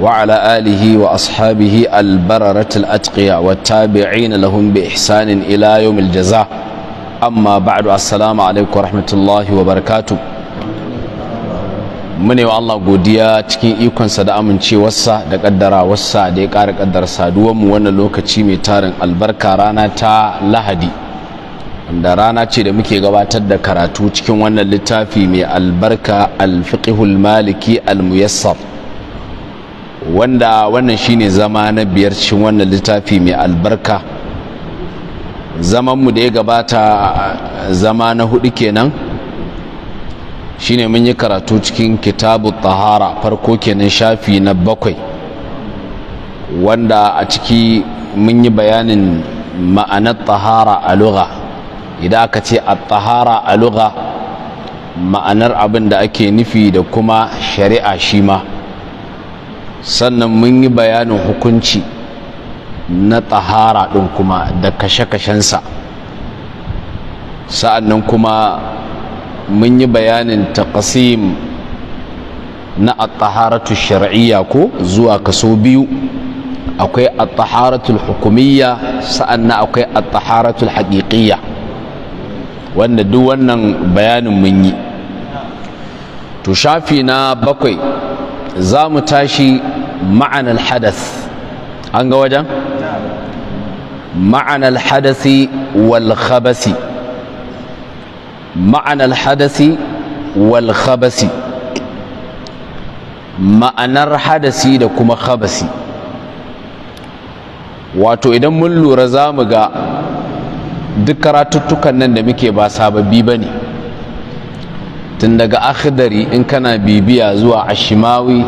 وعلى آله وأصحابه البررة الأتقياء والتابعين لهم بإحسان إلى يوم الجزاء أما بعد السلام عليكم ورحمة الله وبركاته mune wa Allah godiya cikin ikonsa da amincewarsa da kaddarawarsa da ya ƙara kaddar mu wannan lokaci mai tarin albarka rana ta lahadi da rana ce da muke gabatar da karatu cikin wannan littafi mai albarka alfiqihul maliki almuyassar wanda wannan shine zama na biyar cikin wannan littafi mai albarka zamanmu da ya gabata zama na hudu kenan shine mun yi karatu cikin kitabu tahara farko kenan shafi na bakwai wanda a ciki mun yi bayanin ma'anar tahara a lugha idan aka ce a tahara a lugha ma'anar abin da ake nufi da kuma shari'a shi ma sannan mun yi bayanin hukunci na tsahara ɗin kuma da kashe-kashensa sa'annan kuma mun yi bayanin taqsim na at-taharatu shar'iyya ko zuwa kaso biyu akwai at-taharatu hukumiyya sa'annan akwai at-taharatu haqiqiyya wanda duk wannan bayanin mun yi to shafi na bakwai za mu tashi ma'anar hadas an ga wajen? ma'anar hadasi wal khabasi ma'anar hadasi wal khabasi ma'anar hadasi da kuma khabasi wato idan mun lura za mu ga duk karatuttukan nan da muke ba sababbi ba ne tun daga akhdari in kana bibiya zuwa ashimawi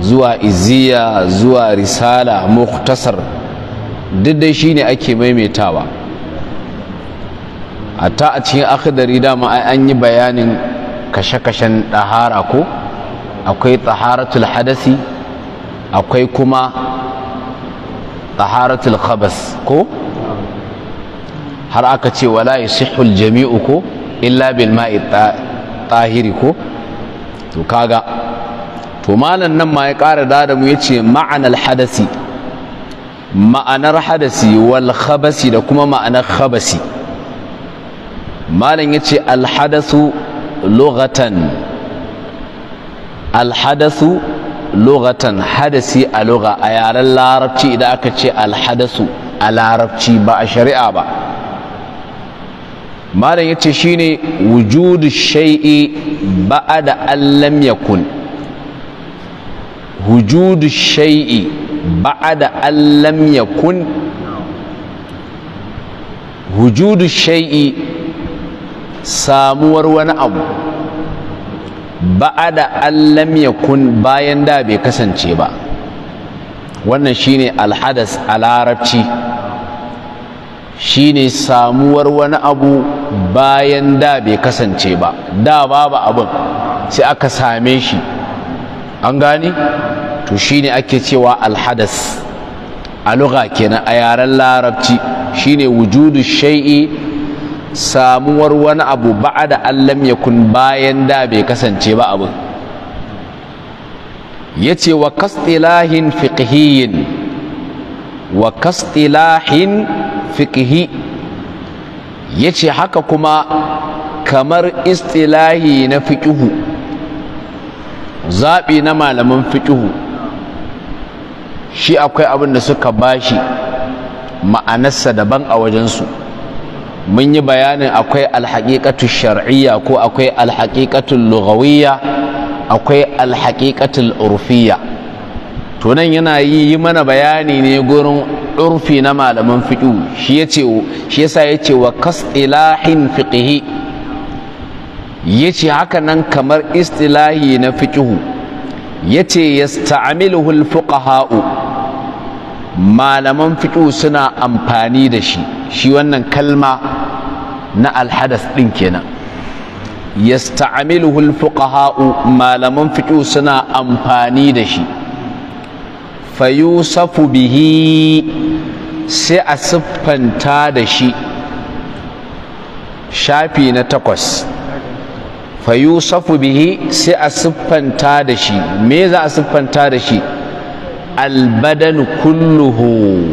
zuwa iziya zuwa risala muktasar duk dai shine ake maimaitawa ta a cikin akhdari dama an yi bayanin kashe-kashen ɗahara ko akwai ɗaharatul hadasi akwai kuma ɗaharatul khabas ko har aka ce wala sihul jami'u ko illa bil ma'i tahiri ko to kaga to malan nan ma ya ƙara da mu ya ce ma'anar hadasi ma'anar hadasi wal khabasi da kuma ma'anar khabasi malan ya ce alhadasu lugatan alhadasu hadasi a luga a yaren larabci idan aka ce alhadasu a larabci ba a shari'a ba malam yace shine wujudu shai'i ba'da an lam kun. wujudu shay'i ba'da an samuwar wani abu ba'ada an lam kun bayan da bai kasance ba wannan shine alhadas a larabci shine samuwar wani abu bayan da bai kasance ba da babu abin sai aka same shi an gani to shine ake cewa alhadas a lugha kenan a yaren larabci shine wujudu shai'i samuwar wani abu ba'ada allam yakun bayan da bai kasance ba abin yace wa kastilahin fiqhiyyin wa kastilahin fiqhi yace haka kuma kamar istilahi na fiqhu zaɓi na malaman fiqhu shi akwai abin da suka bashi ma'anarsa daban a wajensu mun yi bayanin akwai alhaƙiƙatu shar'iyya ko akwai alhaƙiƙatu lugawiyya akwai alhaƙiƙatu urfiyya to nan yana yi yi mana bayani ne gurin urfi na malaman fiƙi shi ce shi yasa yace wa fiƙihi ya yace haka nan kamar istilahi na ce yace sta'amilu hulfuƙa ha'u. malaman fiƙo suna amfani da shi shi wannan kalma na alhadas ɗin kenan yasta'amiluhu alfuqaha'u malaman fiƙo suna amfani da shi fayusafu bihi sai a siffanta da shi shafi na takwas fayusafu bihi sai a siffanta da shi me za a siffanta da shi Albadan kulluhu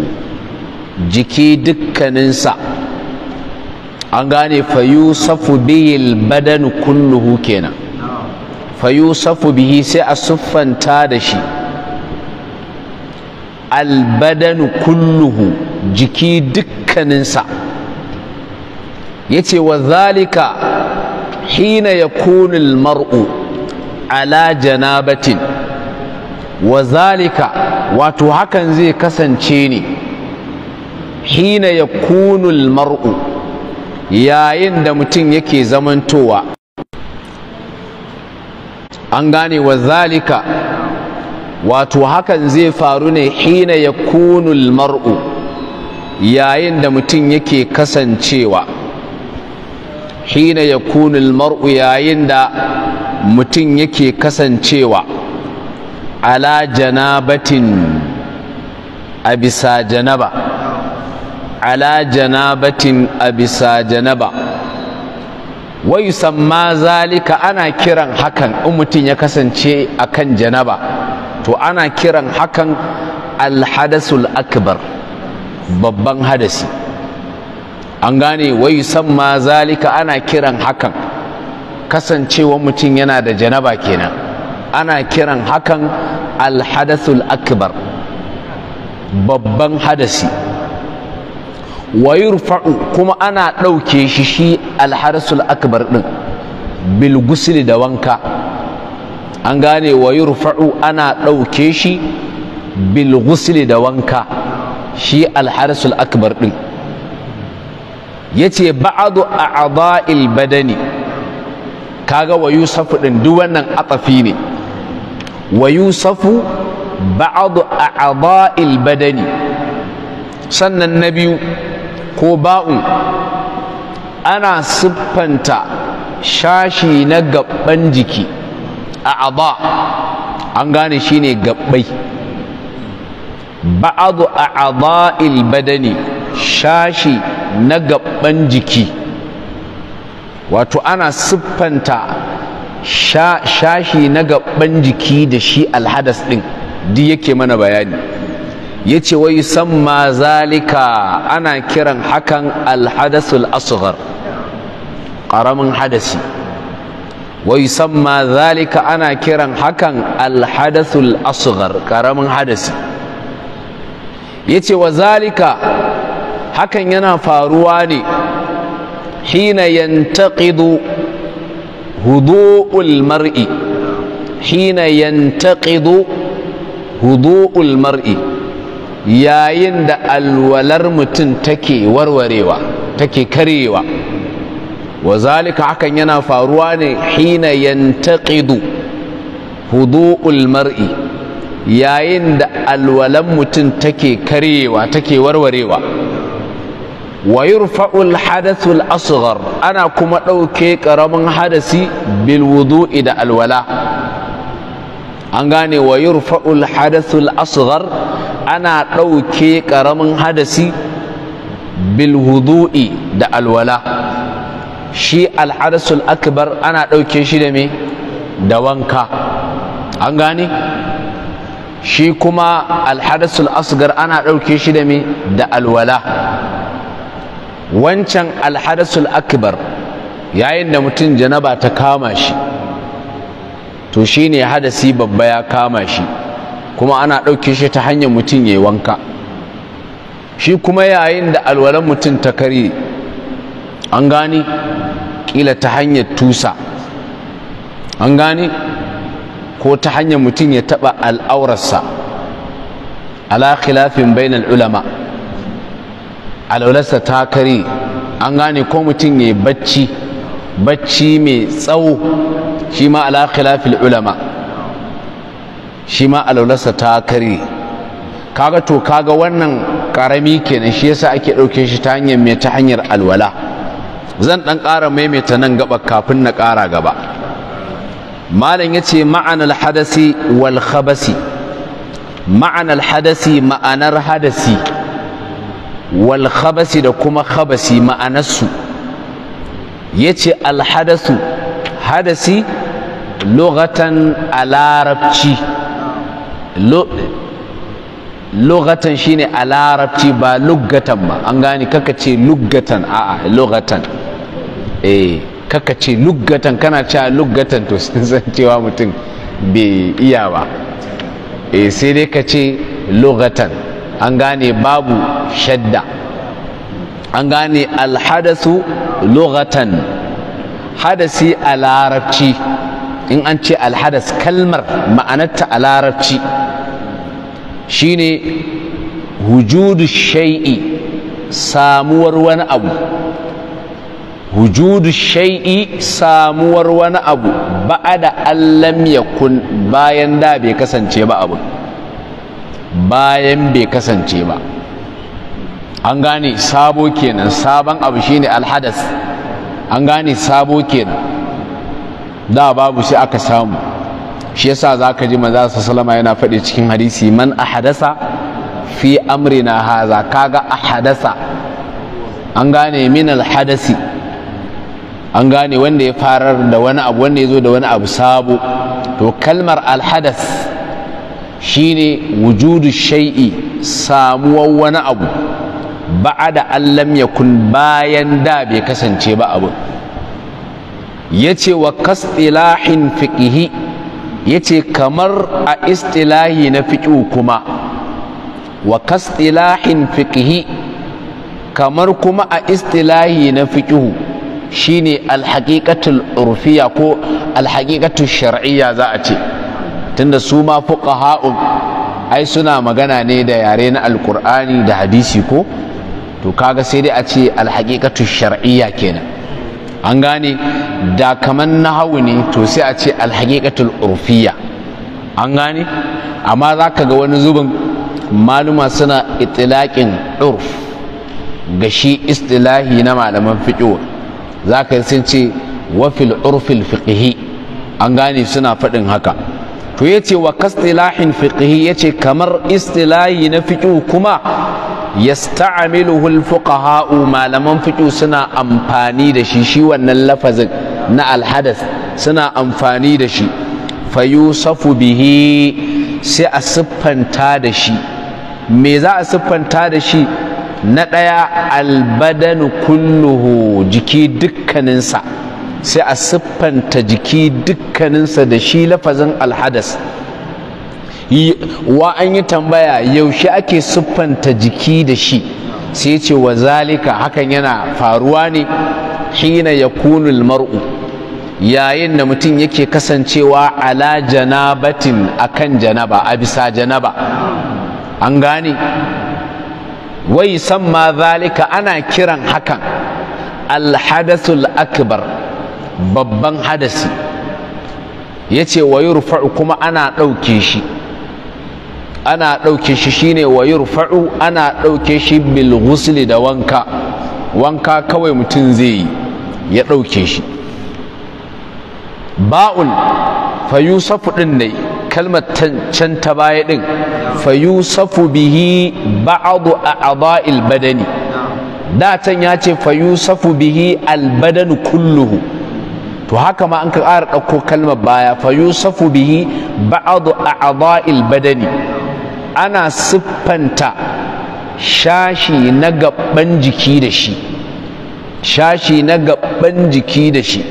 jiki dukkaninsa an gane fayusafu biyu albadan kulluhu kenan fayusafu bihi sai a siffanta da shi Albadan kulluhu jiki dukkaninsa yace wa zalika hina yakunu mar'u?" ala janabatin wa zalika wato hakan zai kasance ne hina ya kunul mar'u yayin da mutum yake zamantowa an gane wa zalika wato hakan zai faru ne hina ya kunul mar'u yayin da mutum yake kasancewa hina ya kunul mar'u yayin da mutum yake kasancewa ala janabatin a bisa janaba ala janabatin a bisa janaba wai samma zalika ana kiran hakan in mutum ya kasance akan janaba to ana kiran hakan alhadasul akbar babban hadasi an gane wai samma zalika ana kiran hakan kasancewa mutum yana da janaba kenan ana kiran hakan alhadathul akbar babban hadasi wa yurfa'u kuma ana ɗauke shi shi akbar ɗin bil da wanka an gane wa yurfa'u ana ɗauke shi bil da wanka shi alhadathul akbar ɗin yace ba'adu a'dha'il badani kaga wa yusufu ɗin duk wannan atafi ne wa yusafu ba'd a'dha'il badani sannan na biyu ko ba'u? ana siffanta shashi na gaban jiki a aba an gane shine gabbai ba'adu a aba'il badani shashi na gaban jiki wato ana siffanta shashi na gaban jiki da shi alhadas ɗin duk yake mana bayani ya ce wai san ma zalika ana kiran hakan alhadasul asghar ƙaramin hadasi wai san ma zalika ana kiran hakan alhadasul ƙaramin hadasi ya ce wa zalika hakan yana faruwa ne hina yantaƙidu هدوء المرء حين ينتقض هدوء المرء yayin da alwalar mutum take warwarewa take karewa wa zalika hakan yana faruwa ne hina yantaqidu hudu'ul mar'i yayin da alwalan mutum take karewa take warwarewa wa yurfa'ul hadathul asghar ana kuma ɗauke ƙaramin hadasi bil wudu'i da alwala an gane wa yurfa'ul hadathul asghar ana ɗauke ƙaramin hadasi bil wudu'i da alwala shi alhadathul akbar ana ɗauke shi da me da wanka an gane shi kuma alhadathul asghar ana ɗauke shi da me da alwala wancan alhadasul akbar yayin da mutum janaba ta kama shi to shine hadasi babba ya kama shi kuma ana ɗauke shi ta hanyar mutum ya wanka shi kuma yayin da alwalan mutum ta kare an gane ƙila ta hanyar tusa an gane ko ta hanyar mutum ya taɓa al'aurarsa ala khilafin bainal ulama' alaularsa ta kare an gane ko mutum ya bacci bacci mai tsawo shi ma ala ulama shi ma alaularsa ta kare kaga to kaga wannan ƙarami kenan shi yasa ake ɗauke shi ta hanyar mai ta hanyar alwala zan ɗan ƙara maimaita nan gaba kafin na ƙara gaba malam ya ce ma'anar hadasi wal khabasi ma'anar hadasi ma'anar hadasi wal khabasi da kuma khabasi ma'anarsu yace al hadasu hadasi lughatan a larabci lughatan shine a larabci ba lugatan ba an gane kaka ce a a'a lughatan eh kaka ce lugatan, kana cewa lugatan to sun san cewa mutum bai iya ba eh sai dai ka ce lughatan an gane babu shadda an gane alhadasu lughatan hadasi a larabci in an ce alhadas kalmar ma'anarta a larabci shine hujudu shai'i samuwar wani abu wujudu shai'i samuwar wani abu ba'a da allam yakun bayan da bai kasance ba abu bayan bai kasance ba an gane sabo kenan sabon abu shine alhadas an gane sabo kenan da babu sai aka samu shi yasa zaka ji manzo sallama yana faɗi cikin hadisi man ahadasa fi amrina haza kaga ahadasa an gane min alhadasi an gane wanda ya farar da wani abu wanda ya zo da wani abu sabo to kalmar alhadas shine wujudu shai'i samuwar wani abu da allam kun bayan da bai kasance ba abu ce wa kastilahin Ya yace kamar a istilahi na fiqhu kuma wa kastilahin fiqihi kamar kuma a istilahi na fiqhu shine alhaqiqatul urfiya ko alhaqiqatul shar'iyya za a ce tunda su ma fuqaha'u ai suna magana ne da yare na Alƙur'ani da hadisi ko to kaga sai dai a ce alhaqiqatu shar'iyya kenan an gane da kaman nahawu ne to sai a ce alhaqiqatul urfiyya an gane amma zaka ga wani zubin maluma suna itilaƙin urf ga shi istilahi na malaman fiqh zaka sun ce wafil urfil fiqhi an gane suna faɗin haka to yace wa kastilahin fiqhi yace kamar istilahi na fiqhu kuma yasta'miluhu al-fuqaha malaman fiqhu suna amfani da shi shi wannan lafazin na alhadas suna amfani da shi fayusafu bihi sai a siffanta da shi me za a siffanta da shi na ɗaya albadan kulluhu jiki dukkaninsa sai a siffanta jiki dukkaninsa da shi lafazin alhadas wa an yi tambaya yaushe ake siffanta jiki da shi sai ce wa zalika hakan yana faruwa ne hina ya kunul mar'u yayin da mutum yake kasancewa ala janabatin akan janaba a bisa janaba an gane wai san ma zalika ana kiran hakan alhadasul akbar babban hadasi ya ce wa yurfa'u kuma ana ɗauke shi ana ɗauke shi shine wa yurfa'u ana ɗauke shi bil ghusli da wanka wanka kawai mutum zai yi ya ɗauke shi Ba'ul fa Yusufu ɗin ne kalmar can ta baya ɗin fa Yusufu bihi ba'adu a badani da can ya ce fa Yusufu bihi albadanu kulluhu to haka ma an ƙara ɗauko kalmar baya fa Yusufu bihi ba'adu a'dha'il badani ana siffanta shashi na gaban jiki da shi shashi na gaban jiki da shi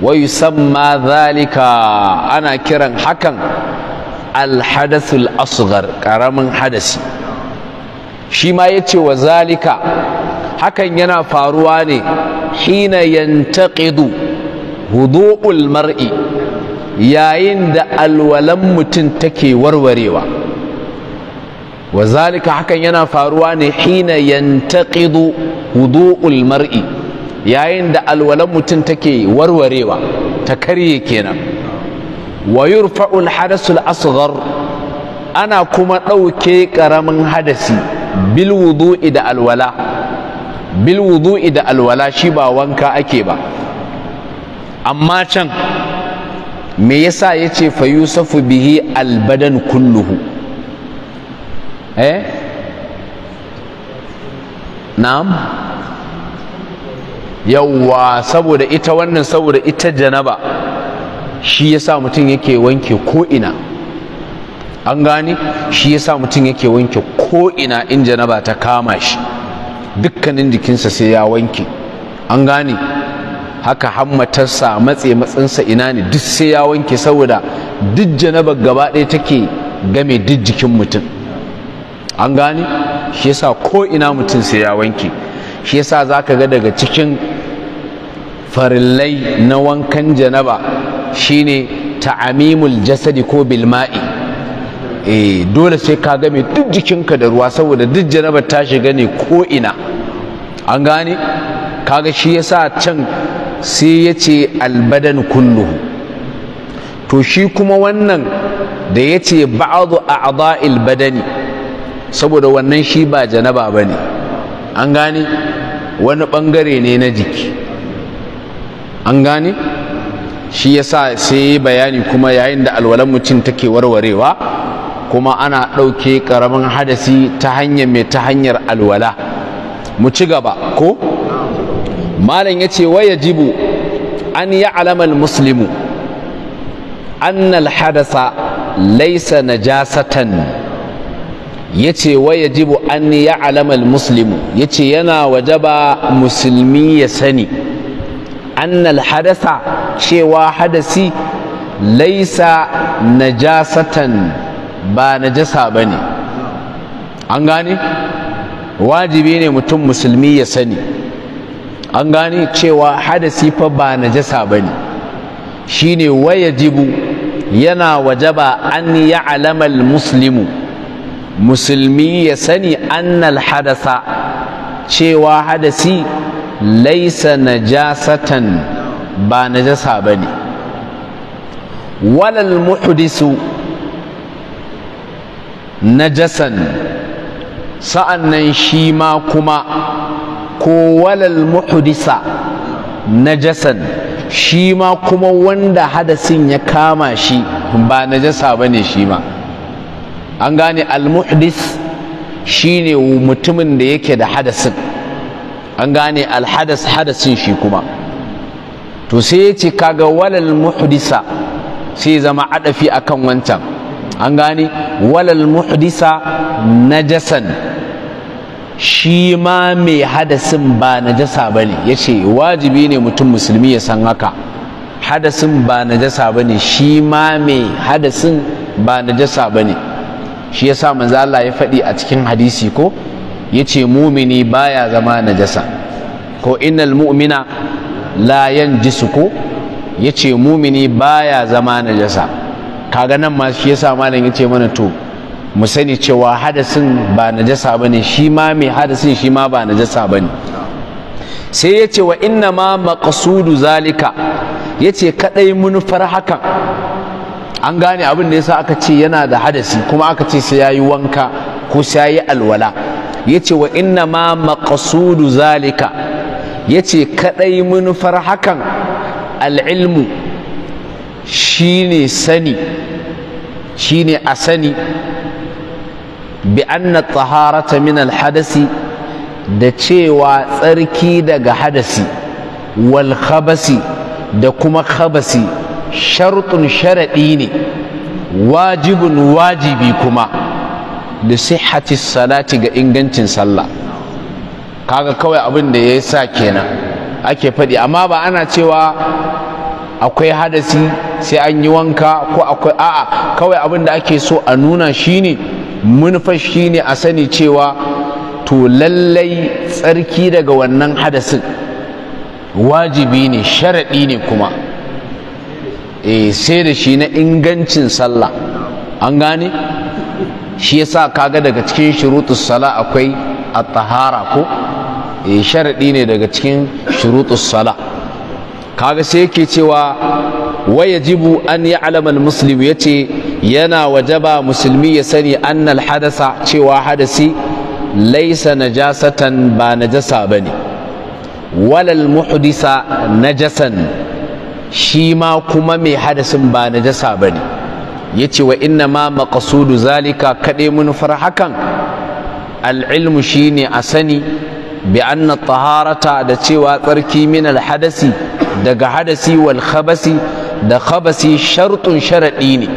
wa yusamma zalika ana kiran hakan alhadathul asghar karamin hadasi shi ma yace wa zalika hakan yana faruwa ne hina yantaqidu hudu'ul mar'i yayin da alwalan mutum take warwarewa wa zalika hakan yana faruwa ne hina yantaqidu hudu'ul mar'i yayin da alwalan mutum take warwarewa ta karye kenan wa yurfa'ul hadasul asghar ana kuma ɗauke ƙaramin hadasi bil wudu'i da alwala bil wudu'i da alwala shi ba wanka ake ba amma can me yasa ya ce fa yusufu bihi albadan kulluhu eh na'am yawwa saboda ita wannan saboda ita janaba shi yasa mutum yake wanke ko'ina an gane shi yasa mutum yake wanke ko'ina in janaba ta kama shi dukkanin jikinsa sai ya wanke an gane haka hammatarsa matse matsinsa ina ne duk sai ya wanke saboda duk janabar gaba ɗaya take game duk jikin mutum an gane shi yasa ko ina mutum sai ya wanke shi yasa zaka ga daga cikin farillai na wankan janaba shine ta'amimul jasadi ko bilma'i eh dole sai ka game duk jikinka da ruwa saboda duk janabar ta shiga ne ko ina an gane kaga shi yasa can sai ya ce albadan kulluhu to shi kuma wannan da ya ce ba'adu a ada'il badani saboda wannan shi ba janaba ba ne an gane wani ɓangare ne na jiki an gane shi ya sa sai bayani kuma yayin da alwalan mutum take warwarewa kuma ana ɗauke ƙaramin hadasi ta hanyar mai ta hanyar alwala mu ci gaba ko malam ya ce waya jibu an yi alamar muslimu annal hadasa laisa najasatan ya ce waya jibu an yi alamar muslimu ya ce yana wajaba musulmi ya sani annal hadasa cewa hadasi laisa najasatan ba najasa ba ne an gane wajibi ne mutum musulmi ya sani an gane cewa hadasi fa ba najasa bane shine wayajibu yana wajaba an ya'lama almuslimu musulmi ya sani annal hadasa cewa hadasi laisa najasatan ba najasa bane walal muhdisu najasan sa'annan shi ma kuma ko walal muhdisa najasan shi ma kuma wanda hadasin ya kama shi ba najasa ba ne shi ma an gane almuhdis shi ne mutumin da yake da hadasin an gane alhadas hadasin shi kuma to sai ya ce kaga walal muhdisa sai zama adafi akan wancan an gane walal muhdisa najasan shi ma mai hadasin ba najasa ba ne ya ce wajibi ne mutum musulmi ya san haka hadasin ba najasa ba ne shi ma mai hadasin ba najasa ba ne shi ya sa Allah ya faɗi a cikin hadisi ko ya ce mumini baya zama najasa ko innal mu'mina la jisu ko ya ce mumini baya zama najasa kaga nan ma shi ya sa malam ya ce mana to mu sani cewa hadasin ba najasa bane shi ma mai hadasin shi ma ba najasa bane sai ya ce wa inna ma maqsudu zalika ya ce kadai munufar hakan an gane abin da yasa aka ce yana da hadasi kuma aka ce sai yayi wanka ko sai yayi alwala ya ce wa inna ma maqsudu zalika ya ce kadai munufar hakan al'ilmu shine sani shine a sani bi anna taharata min alhadasi da cewa tsarki daga hadasi wal khabasi da kuma khabasi shartun sharaɗi ne Wajibin wajibi kuma da sihhati salati ga ingancin sallah kaga kawai abin da ya sa kenan ake faɗi amma ba ana cewa akwai hadasi sai an yi wanka ko akwai a'a kawai abin da ake so a nuna shine munfashi ne a sani cewa to lallai tsarki daga wannan hadasin wajibi ne sharaɗi ne kuma e sai da shi na ingancin sallah an gane shi yasa kaga daga cikin shurutus sala akwai at-tahara ko e sharaɗi ne daga cikin shurutus sala kaga sai yake cewa wayajibu an ya'lamal ya yace yana wajaba musulmi ya sani annal hadasa cewa hadasi laisa najasatan ba najasa bane walal muhdisa najasan shi ma kuma mai hadasin ba najasa bane yace wa inna ma maqsudu zalika kade munfar hakan al-ilmu shine a sani bi anna taharata da cewa tsarki min al-hadasi daga hadasi wal khabasi da khabasi shartun sharadi ne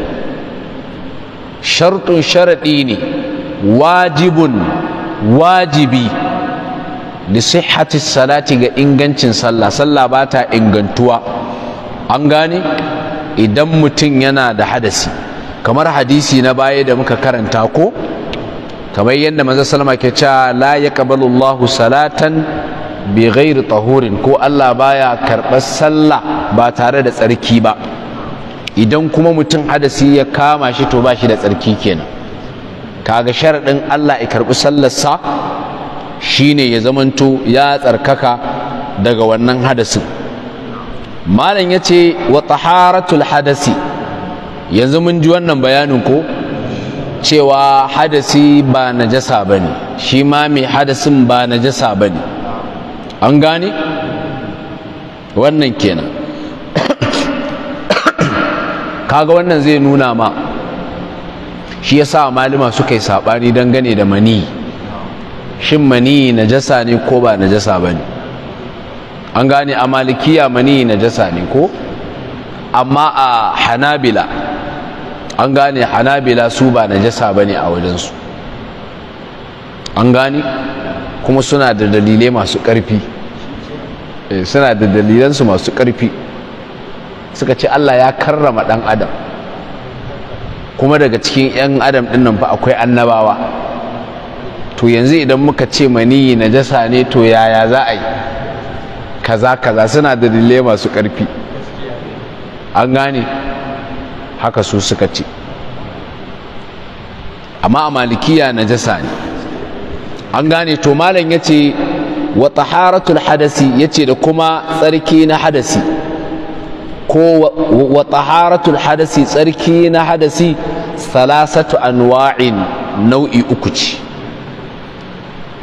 shartun sharaɗi ne wajibun wajibi da sihhati salati ga ingancin sallah sallah ba ta ingantuwa an gane idan mutum yana da hadasi kamar hadisi na baya da muka karanta ko kamar yadda manzo salama ke cewa la yaqbalu Allahu salatan bi ghairi tahurin ko Allah baya karɓar sallah ba tare da tsarki ba idan kuma mutum hadasi ya kama shi to ba shi da tsarki kenan kaga sharaɗin Allah ya karɓi sallarsa shine ya zamanto ya tsarkaka daga wannan hadasin malam yace wa taharatul hadasi yanzu mun ji wannan bayanin ko cewa hadasi ba najasa ba shi ma mai hadasin ba najasa ba ne an gane wannan kenan kaga wannan zai nuna ma shi yasa malama suka yi sabani dangane da mani shin mani najasa ne ko ba najasa bane an gane a malikiya mani najasa ne ko amma a hanabila an gane hanabila su ba najasa bane a wajensu an gane kuma suna da dalilai masu ƙarfi eh, suna da dalilansu masu ƙarfi suka ce Allah ya karrama ɗan adam kuma daga cikin 'yan adam ɗin nan fa akwai annabawa to yanzu idan muka ce maniyi jasa ne to yaya za a yi kaza kaza suna da dalilai masu ƙarfi an gane haka su suka ce amma a malikiya na jasa ne an gane to malam ya ce wa taharatul hadasi ya ce da kuma tsarki na hadasi ko wa taharatul hadasi tsarki na hadasi salasatu anwa'in nau'i uku ce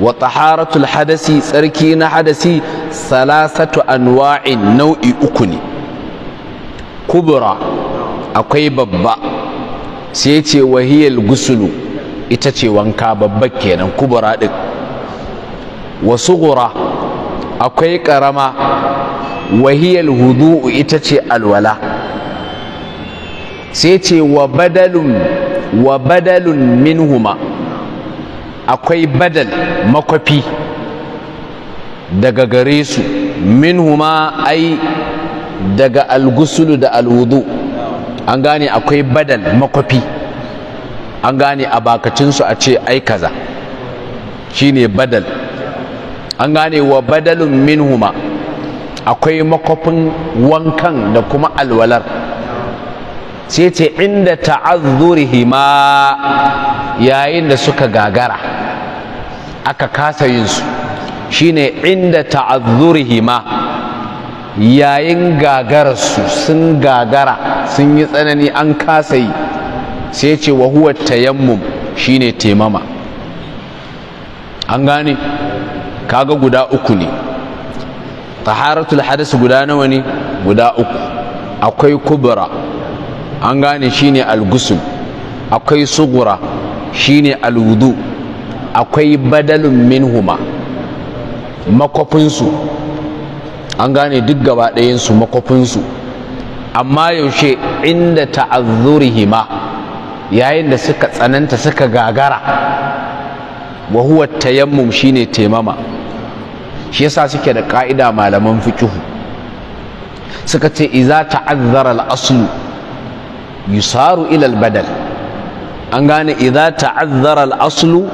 wa taharatul hadasi tsarki na hadasi salasatu anwa'in nau'i uku ne Kubura akwai babba sai ce wahiyal gusulu ita ce wanka babba kenan kubra din wa sughra akwai karama wahiyal hudu'u ita ce alwala sai ce wa badalun wa badalun minhuma akwai badal makwafi daga gare su minhuma ai daga algusulu da alwudu an gane akwai badal makwafi an gane a bakacinsu a ce ai kaza shine badal an gane wa badalun minhuma akwai makofin wankan da kuma alwalar sai ce inda ta'azzurihima yayin da suka gagara aka kasa yin su shine inda ta'azzurihima yayin gagararsu sun gagara sun yi tsanani an kasa yi sai ce wa huwa tayammum shine temama an gane kaga guda uku ne taharatul hadas guda nawa ne guda uku akwai kubra an gane shine algusul akwai sugura shine alwudu akwai badalun minhuma makwafinsu an gane duk gaba ɗayansu makwafinsu amma yaushe inda ta'azzurihima yayin da suka tsananta suka gagara wa huwa tayammum shine taimama shi yasa suke da ka'ida malaman fiqh suka ce idza ta'azzara al-aslu yusaru ila al-badal an gane idza ta'azzara al-aslu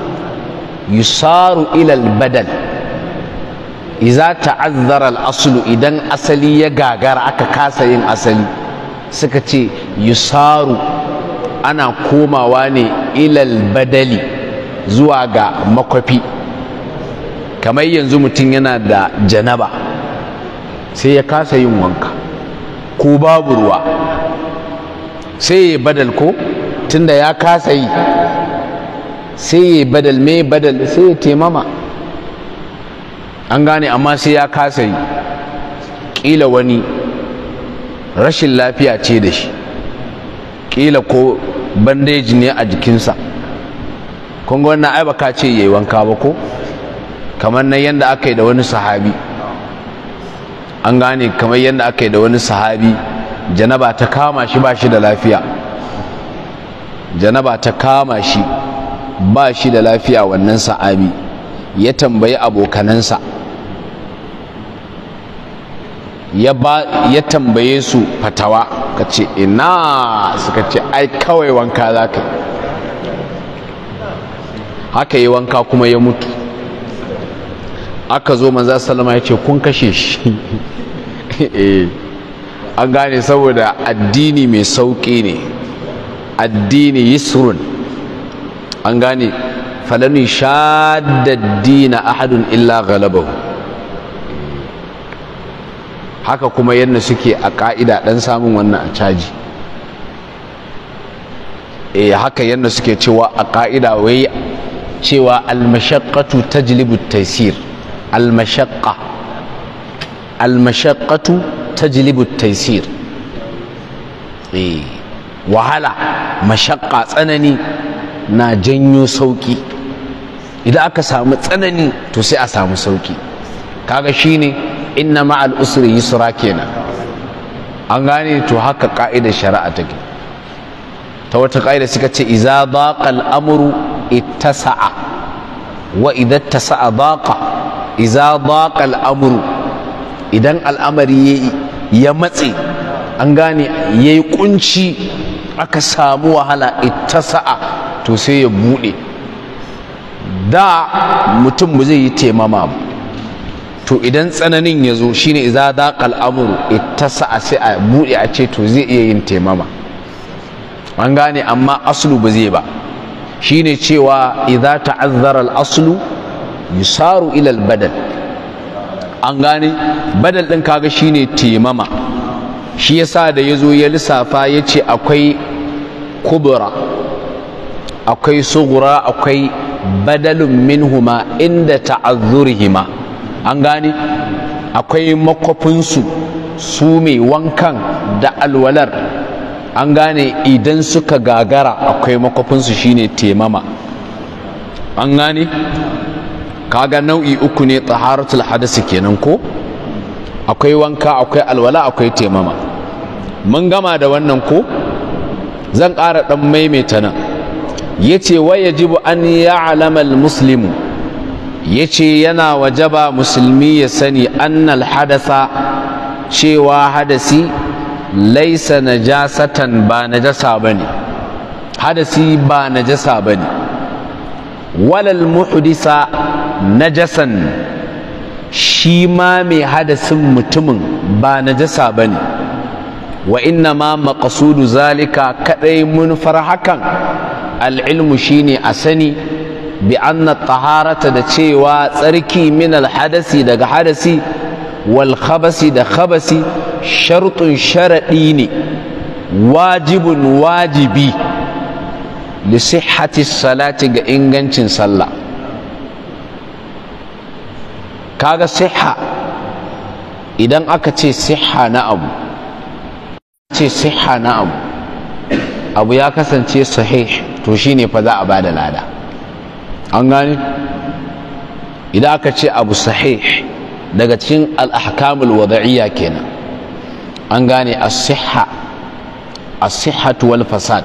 yusaru ila al-badal iza ta'azzara al-aslu idan asali ya gagara aka kasa yin asali suka ce yusaru ana komawa ne ilal badali zuwa ga makwafi kamar yanzu mutum yana da janaba sai ya kasa yin wanka ko babu ruwa sai ya badal ko tunda ya kasa yi sai ya badal mai badal sai ya taimama an gane amma sai ya kasa yi ƙila wani rashin lafiya ce da shi ƙila ko bandeji ne a jikinsa kun na wannan ai baka ce yayi wanka ba ko kamar na yadda aka yi da wani sahabi an gane kamar yadda aka yi da wani sahabi janaba ta kama shi ba shi da lafiya janaba ta kama shi ba shi da lafiya wannan sahabi ya tambayi abokanansa ya tambaye su fatawa ka ce ina suka ce ai kawai wanka za ka haka yi wanka kuma ya mutu aka zo manzo sallama ya ce kun kashe shi eh, an gane saboda addini mai sauƙi ne addini yisrun an gane falani shaddaddina ahadun illa galabahu haka kuma yadda suke a ƙa'ida ɗan samun wannan a caji eh haka yadda suke cewa a ƙa'ida wai cewa almashaqqatu tajlibu taysir المشقة المشقة تجلب التيسير وهلا مشقة سنني نا جنيو سوكي إذا أكا سامت سنني تسي أسام سوكي كاغشيني إنما الأسر يسراكينا أنغاني تو هكا قائدة شرعتك تو تقائدة سكتة إذا ضاق الأمر اتسع وإذا اتسع ضاق iza daqa al'amru idan al'amari ya matse an gane yayi kunci aka samu wahala ittasa'a to sai ya buɗe. da mutum zai yi taimama to idan tsananin ya zo shine iza daqa ita ittasa'a sai a buɗe a ce to zai iya yin taimama an gane amma asulu ba zai ba shine cewa iza ta'azzara al-aslu yusaru ilal badal an gane badal ɗin kaga shine temama shi yasa da ya zo ya lissafa ya ce akwai kubura akwai sugura akwai badalun minhuma inda ta'azzurihima an gane akwai makwafinsu su mai wankan da alwalar an gane idan suka gagara akwai makwafinsu shine taimama. an gane kaga nau'i uku ne taharatul hadasi kenan ko akwai wanka akwai alwala akwai taimama mun gama da wannan ko zan ƙara ɗan maimaita nan ya ce wa yajibu jibu an ya al muslimu ya ce yana wajaba musulmi ya sani annal hadasa cewa hadasi laisa najasatan ba najasa ba hadasi ba najasa bane walal muhdisa najasan shi ma mai hadasin mutumin ba najasa ba ne wa inna ma maƙasudu zalika kadai mun munfar hakan al'ilmu shine a sani bi anna taharata da cewa tsarki min alhadasi daga hadasi wal khabasi da khabasi shartun sharaɗi ne wajibun wajibi li sihhati salati ga ingancin sallah kaga siha idan aka ce siha na abu ce siha na abu abu ya kasance sahih to shine fa za a bada lada an gane idan aka ce abu sahih daga cikin al-ahkamul wada'iyya kenan an gane as siha as-sihhatu wal fasad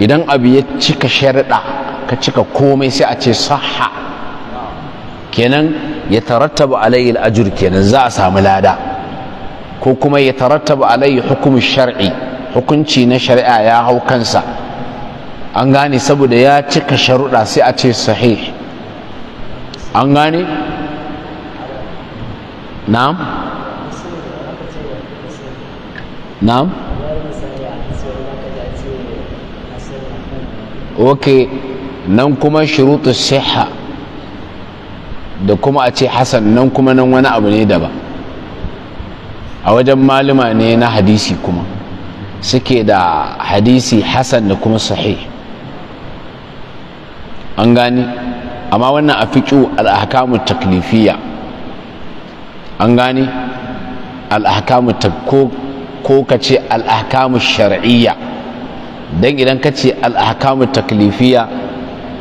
idan abu ya cika sharida ka cika komai sai a ce sahha kenan ya tarattaba alayhi al-ajr kenan za a samu lada ko kuma ya tarattaba alayhi hukumu shar'i hukunci na shari'a ya hau kansa an gane saboda ya cika sharuɗa sai a ce sahih an gane na'am na'am ok nan kuma shuruɗu siha da kuma a ce Hassan nan kuma nan wani abu ne daban a wajen malama ne na hadisi kuma suke da hadisi Hassan da kuma sahi an gane amma wannan a fiƙi al'ahkamu taklifiya an gane ko ka ce al'ahkamu shar'iyya don idan ka ce taklifiya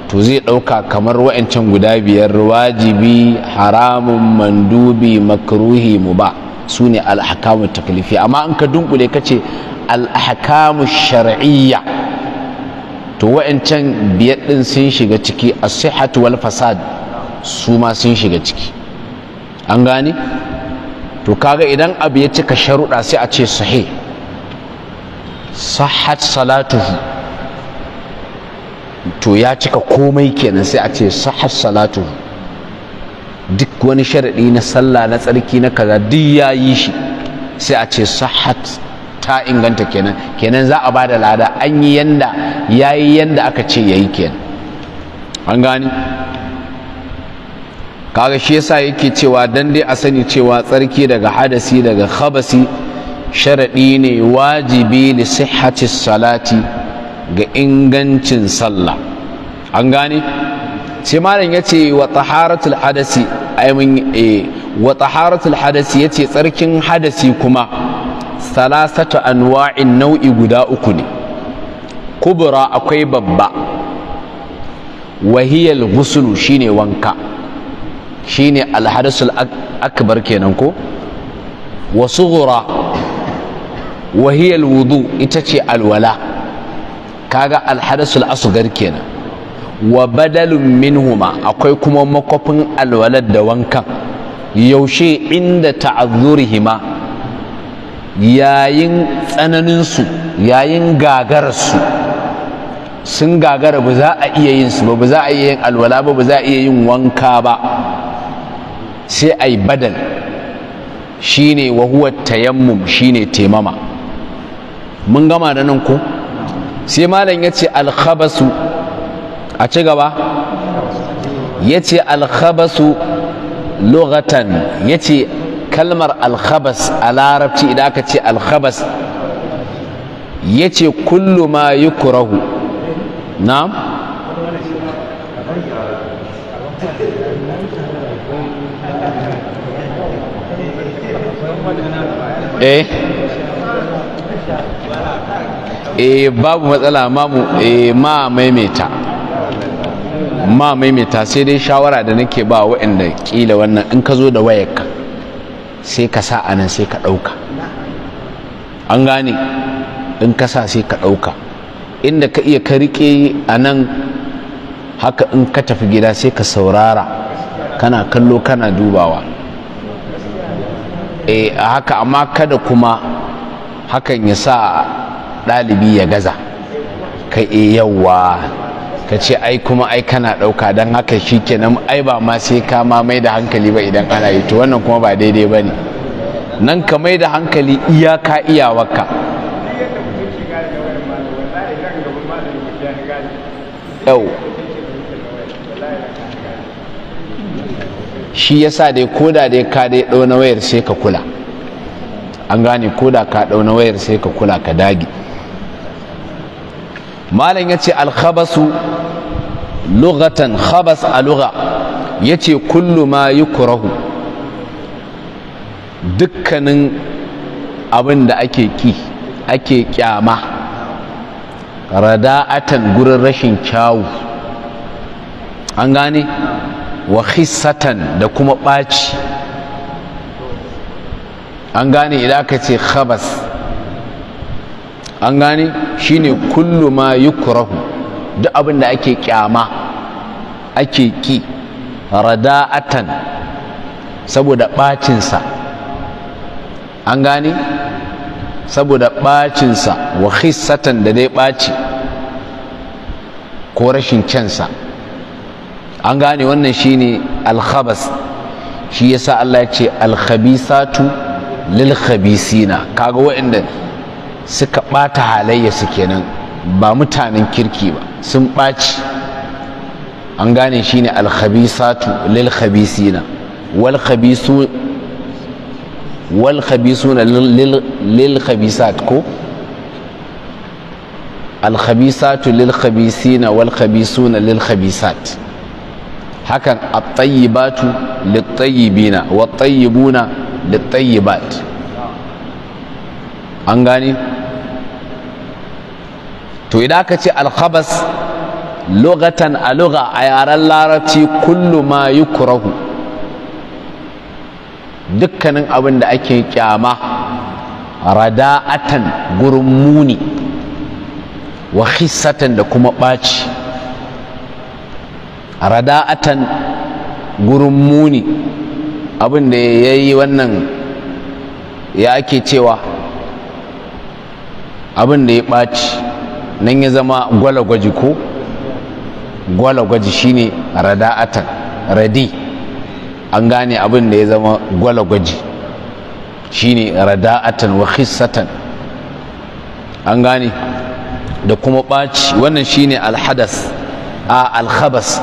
to zai ɗauka kamar wa'ancan guda biyar wajibi haramun mandubi makruhi mu ba su ne al'ahakamu taklifi amma in ka dunkule ka ce al'ahakamu shar'iyya to wa'ancan biyar ɗin sun shiga ciki a sihatu wal fasad su ma sun shiga ciki an gane to kaga idan abu ya cika sharuɗa sai a ce sahih sahat salatuhu to ya cika komai kenan sai a ce sahas salatu duk wani sharaɗi na sallah na tsarki na kaza duk ya yi shi sai a ce sahat ta inganta kenan kenan za a ba da lada an yi yanda ya yi yanda aka ce ya yi kenan an gani kaga shi yasa yake cewa dan dai a sani cewa tsarki daga hadasi daga khabasi sharaɗi ne wajibi li sihhati salati ga ingancin sallah an gane sai malam ya ce wa taharatul hadasi eh, wa taharatul hadasi ya ce tsarkin hadasi kuma salasatu anwa'in nau'i guda uku ne kubura akwai babba wahiyal gusulu shine wanka shine alhadasul akbar kenan ko wa sughra wahiyal wudu ita ce alwala kaga alhadasul asugar kenan wa badalun minhuma akwai kuma makofin alwalad da wankan yaushe inda ta'azzurihima yayin tsananin su yayin gagararsu sun gagara ba za a iya yin su ba ba za a iya yin alwala ba ba za a iya yin wanka ba sai a yi badal shine wahuwar tayammum shine temama mun gama da nan ko sai malam ya ce alkhabasu a ci gaba ya ce alkhabasu logatan ya ce kalmar alkhabas a larabci idan aka ce alkhabas ya ce kullu ma yi kurahu na eh eh babu matsala mamu eh ma maimaita ma maimaita sai dai shawara da nake ba waɗanda kila wannan in ka zo da wayarka sai ka sa anan sai ka ɗauka an gane in ka sa sai ka ɗauka inda ka iya ka riƙe a haka in ka tafi gida sai ka saurara kana kallo kana dubawa eh haka amma kada kuma hakan ya sa ɗalibi ya gaza ka e eh, yawwa ka ce ai kuma ai kana ɗauka don haka shi kenan ai ba ma sai ka ma mai da hankali ba idan ana yi to wannan kuma ba daidai ba ne nan ka mai da hankali iyaka iyawarka yau shi sa dai koda dai ka dai ɗau na wayar sai ka kula an gane koda ka ɗau na wayar sai ka kula ka dage malam ya ce alkhabasu lugatan khabas a luga ya ce kullu ma yi kurahu dukkanin abin da ake ki ake kyama rada'atan gurin rashin kyawu an gane wa khisatan da kuma ɓaci an gane idan aka ce khabas an gane shine kullu ma yukrahu duk abin da ake kyama ake ki rada'atan saboda bacinsa an gane saboda sa wa khissatan da dai baci ko rashin cansa an gane wannan shine al-khabas shi yasa Allah ya ce alkhabisatu lil khabisina kaga waɗanda suka ɓata halayya su kenan ba mutanen kirki ba sun ɓaci an gane shi ne alkhabisatu lil khabisina wal khabisu wal khabisuna lil khabisat ko alkhabisatu lil khabisina wal khabisuna lil khabisat hakan at-tayyibatu lit tayyibina wat tayyibuna lit tayyibat an gane to idan aka ce alkhabas lugatan a lugha a yaren larabci kullu ma yi yukurahu dukkanin abin da ake kyama rada'atan gurin muni wa da kuma ɓaci rada'atan gurin muni abin da ya yi wannan ya ake cewa abin da ya ɓaci nan ya zama gwala gwaji ko gwala gwaji shine rada'atan radi an gane abin da ya zama gwala gwaji shine rada'atan wa khissatan an gane da kuma ɓaci wannan shine alhadas a alkhabas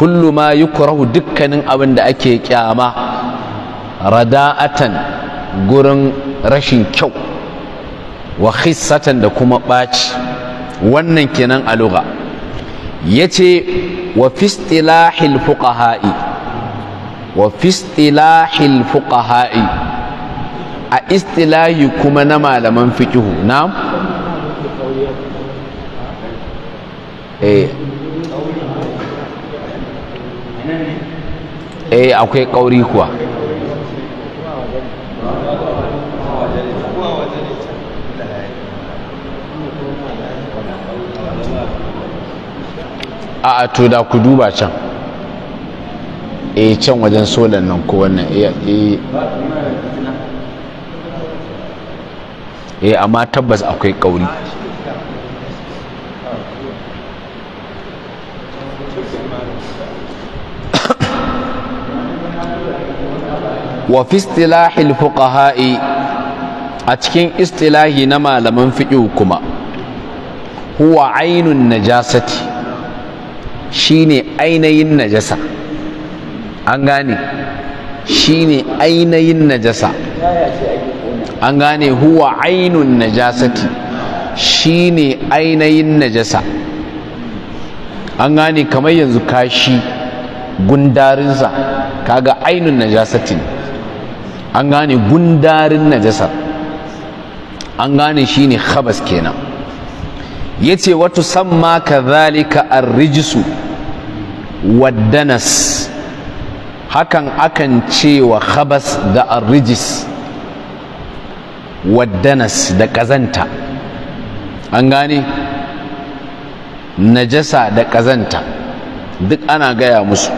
kullu ma yukrahu dukkanin abin da ake kyama rada'atan gurin rashin kyau wa khissatan da kuma ɓaci wannan kenan a lugha yace wa fuqaha'i wa fi fuqaha'i a istilahi kuma na malaman fikihu na eh. eh akwai kauri kuwa a a to da ku duba can e can wajen solar nan ko wannan e e amma tabbas akwai kauri wa fi istilahil fuqaha'i a cikin istilahi na malaman fiqh kuma huwa ainun najasati shine ainihin najasa an gane shine ainihin najasa an gane huwa ainun najasati shine ainihin najasa an gane kamar yanzu kashi gundarinsa kaga ainun najasati an gane gundarin najasa an gane shine khabas kenan Ya ce wa tusamma ka ar-rijsu wad-danas hakan akan cewa khabas da an rijis wad-danas da kazanta an gane najasa da kazanta duk ana gaya musu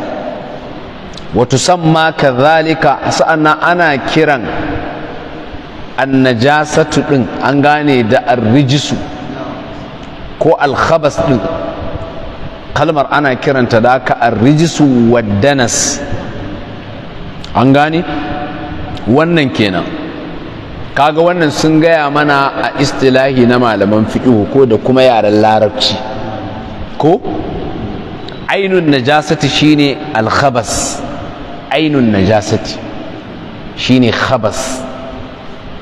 wa tusamma kadhalika sa'anna ana kiran an-najasatu din an gane da an rijisu ko alkhabas din kalmar ana kiranta da haka arrijisu waddanas an gane wannan kenan kaga wannan sun gaya mana a istilahi na malaman fiƙihu ko da kuma yaren larabci ko ainun najasati shine alkhabas ainun najasati shine khabas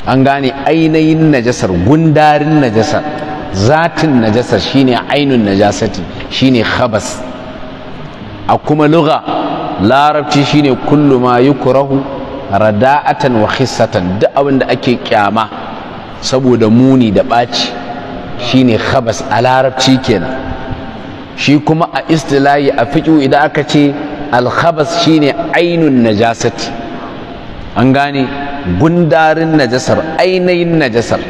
an gane ainihin najasar gundarin najasar zatin najasa shine ainun najasati shine khabas a kuma lugha larabci shine kullu ma yukrahu rada'atan wa khissatan duk abin da ake kyama saboda muni da ɓaci shine khabas a larabci kenan shi kuma a istilahi a fiƙu idan aka ce alkhabas shine ainun najasati an gane gundarin najasar ainihin najasar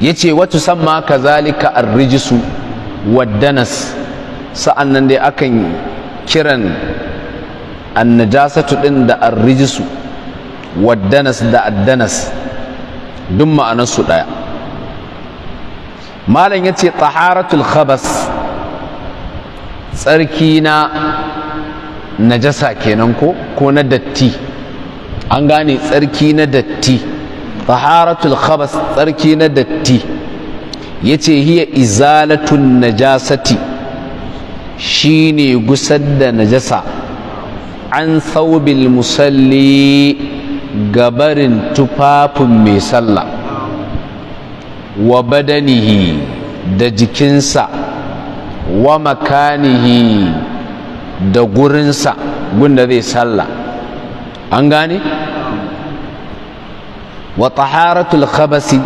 yace wata samma kazalika ar-rijsu wad-danas sa'annan dai akan kiran annajasatu din da ar-rijsu wad da ad-danas duk ma'anar su daya malam yace taharatul khabas tsarki na najasa kenan ko ko na datti an gane tsarki na datti taharatul khabas tsarki na datti yace hiya izalatun najasati shine gusar da najasa an thawbil musalli gabarin tufafin mai sallah wa badanihi da jikinsa wa makanihi da gurinsa gunda zai sallah an gane wa taharatul khabasi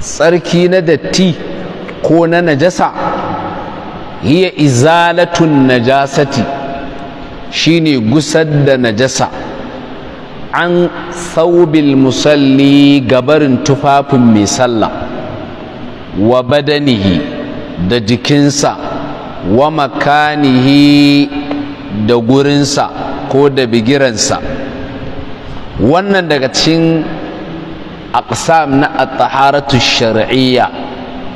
tsarki na datti ko na najasa hiya izalatun najasati shine gusar da najasa an saubil musalli gabarin tufafin mai sallah wa badanihi da jikinsa wa makanihi da gurinsa ko da bigiransa wannan daga cin aqsam na at-taharatu shar'iyya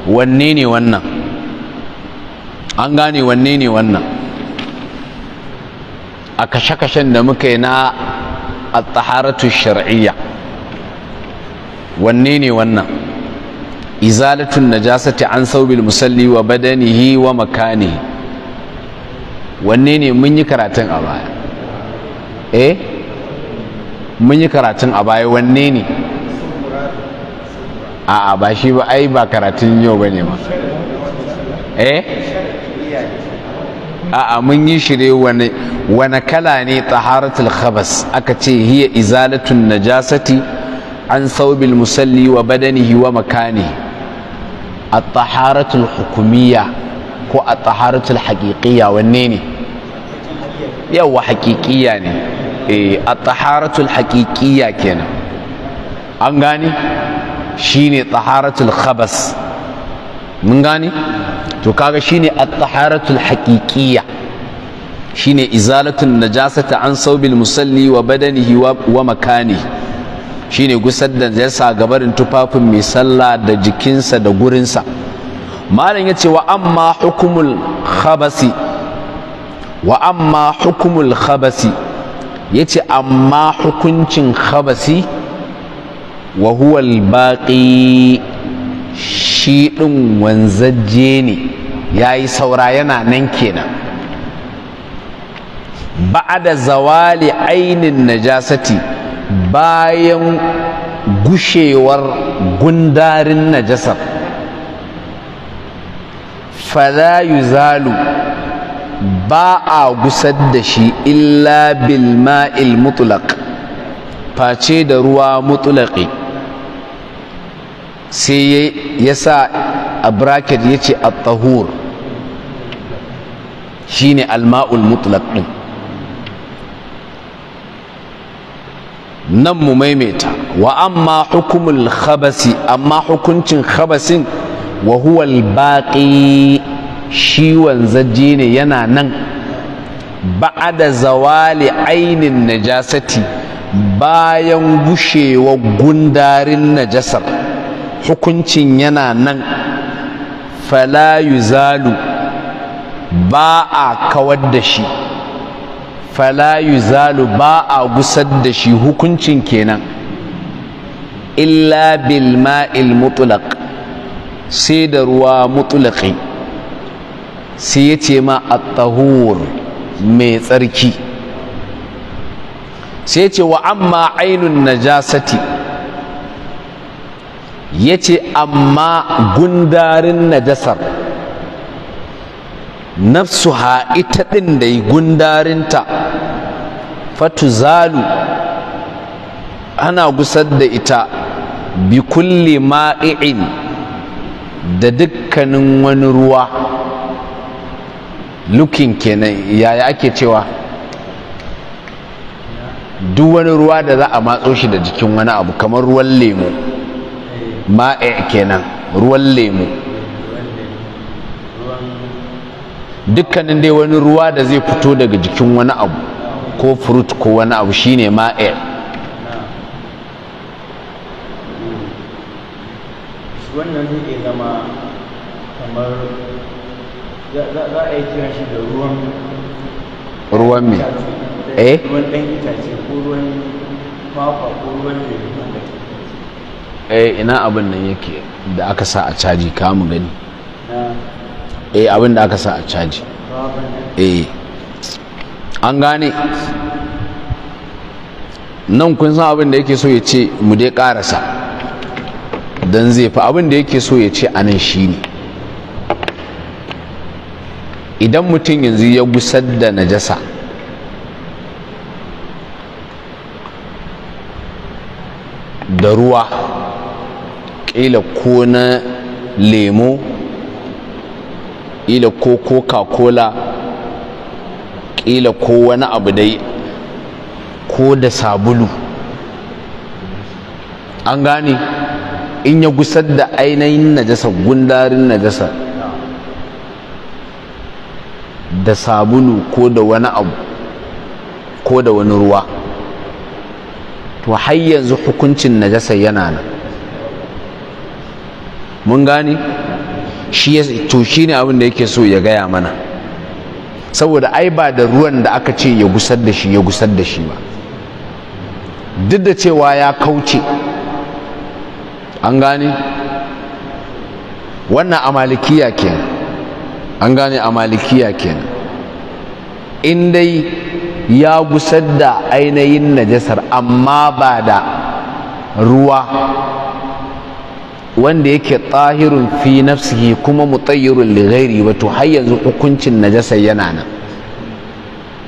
wanne ne wannan an gane wanne ne wannan a kashe-kashen da muka yi na at-taharatu shar'iyya wanne ne wannan izalatun najasati an saubil musalli wa badanihi wa makani. wanne ne mun yi karatun a baya eh mun yi karatun a baya wanne ne a'a ba shi ba ai ba karatun yau ba ne ba. eh a'a mun yi shirye wani wani kala ne taharatul khabas aka ce hiya izalatun najasati an saubil musalli wa badanihi wa makani a taharatul hukumiyya ko a taharatul haƙiƙiya wanne ne yawa haƙiƙiya ne Eh, a taharatul haƙiƙiya kenan an gane shine taharatul khabas mun gane to kaga shine a taharatul shi shine izalatun najasata an saubil musalli wa badanihi wa makani shine gusar da sa gabarin tufafin mai sallah da jikinsa da gurinsa malam yace wa amma hukumul khabasi wa amma hukumul khabasi ya ce amma hukuncin khabasi wa huwal baƙi shi ɗin wanzajje ne ya yi saura yana nan kenan da zawali ainin najasati bayan gushewar gundarin najasar fala yuzalu zalu ba a gusar da shi illa bil ma'il mutlaq face da ruwa mutlaqi sai ya sa a bracket ya ce a tahur shine ne maul mutlaq ɗin. nan mu maimaita wa amma hukumul khabasi amma hukuncin khabasin wa huwa shi wanzaje ne yana nan da zawali ainin najasati bayan gushewa gundarin najasar hukuncin yana nan Falayuzalu ba a kawar da shi Falayuzalu zalu ba a gusar da shi hukuncin kenan illa bil ma'il sai da ruwa mutulakai sai ya ce ma a tahur mai tsarki sai ya ce wa amma ainun najasati ya ce amma gundarin najasar ha ita ɗin da yi gundarinta fatuzalu ana gusar da ita bi kulle ma'i'in da dukkanin wani ruwa looking kenan yaya ake cewa duk wani ruwa da za a matso shi da jikin wani abu kamar ruwan lemu ma'e kenan ruwan lemu dukkanin dai wani ruwa da zai fito daga jikin wani abu ko fruit ko wani abu shine ma'e wannan zai zama kamar za a yi da ruwan ruwan me eh? eh ruwan ɗan itace ko ruwan kwakwa ko ruwan mai eh ina abin nan yake da aka sa a caji kamu mu gani eh abin da aka sa a caji eh an gane nan kun san abin da yake so ya ce mu dai karasa don zai fi abin da yake so ya ce a nan shi ne idan mutum yanzu ya gusar da najasa da ruwa ƙila ko na lemo ƙila ko coca-cola ƙila ko wani abu dai ko da sabulu an gane in ya gusar da ainihin najasa gundarin najasa da sabulu ko da wani abu ko da wani ruwa to har yanzu hukuncin najasa yana nan mun gane shi to shine abin da yake so ya gaya mana saboda ai ba da ruwan da aka ce ya gusar da shi ya gusar da shi ba duk da cewa ya kauce an gane wannan amalikiya kenan an gane amalikiya kenan in dai ya gusar da ainihin najasar amma ba da ruwa wanda yake tsahirun fi nafsihi kuma mutayyirun lighairi ba wato har yanzu hukuncin najasar yana nan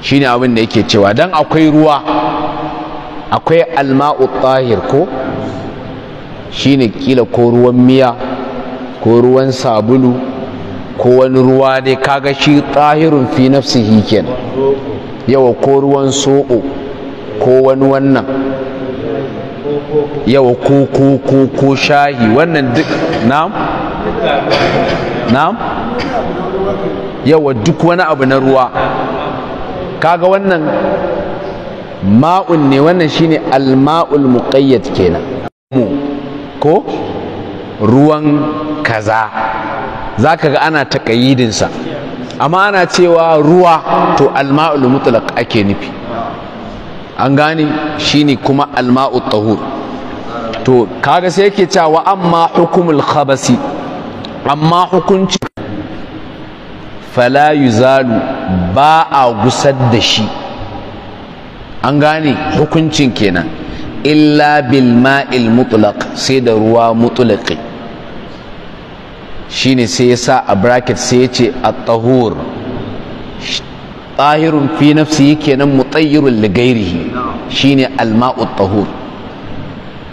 shine abin da yake cewa dan akwai ruwa akwai alma'u tsahir ko shine kila ko ruwan miya ko ruwan sabulu ko wani ruwa dai kaga shi tsahirun fi nafsihi kenan yawa ko ruwan soɓo ko wani wannan yawa ko ko ko shahi wannan duk na'am na'am yawa duk wani abu na ruwa kaga wannan ma'un ne wannan shine alma'ul muqayyad kenan ko ruwan kaza za ka ga ana taƙayidinsa amma ana cewa ruwa to alma'ul mutlaq ake nufi an gane shine kuma alma'ul tahur to kaga sai yake cewa amma hukumul khabasi amma hukunci fala yuzalu ba a gusar da shi an gane hukuncin kenan illa bil ma'il mutlaq sai da ruwa mutlaqi shine sai ya sa a bracket sai ya ce a tahur tahirun fi nafsi nan mutayyirun li shine al tahur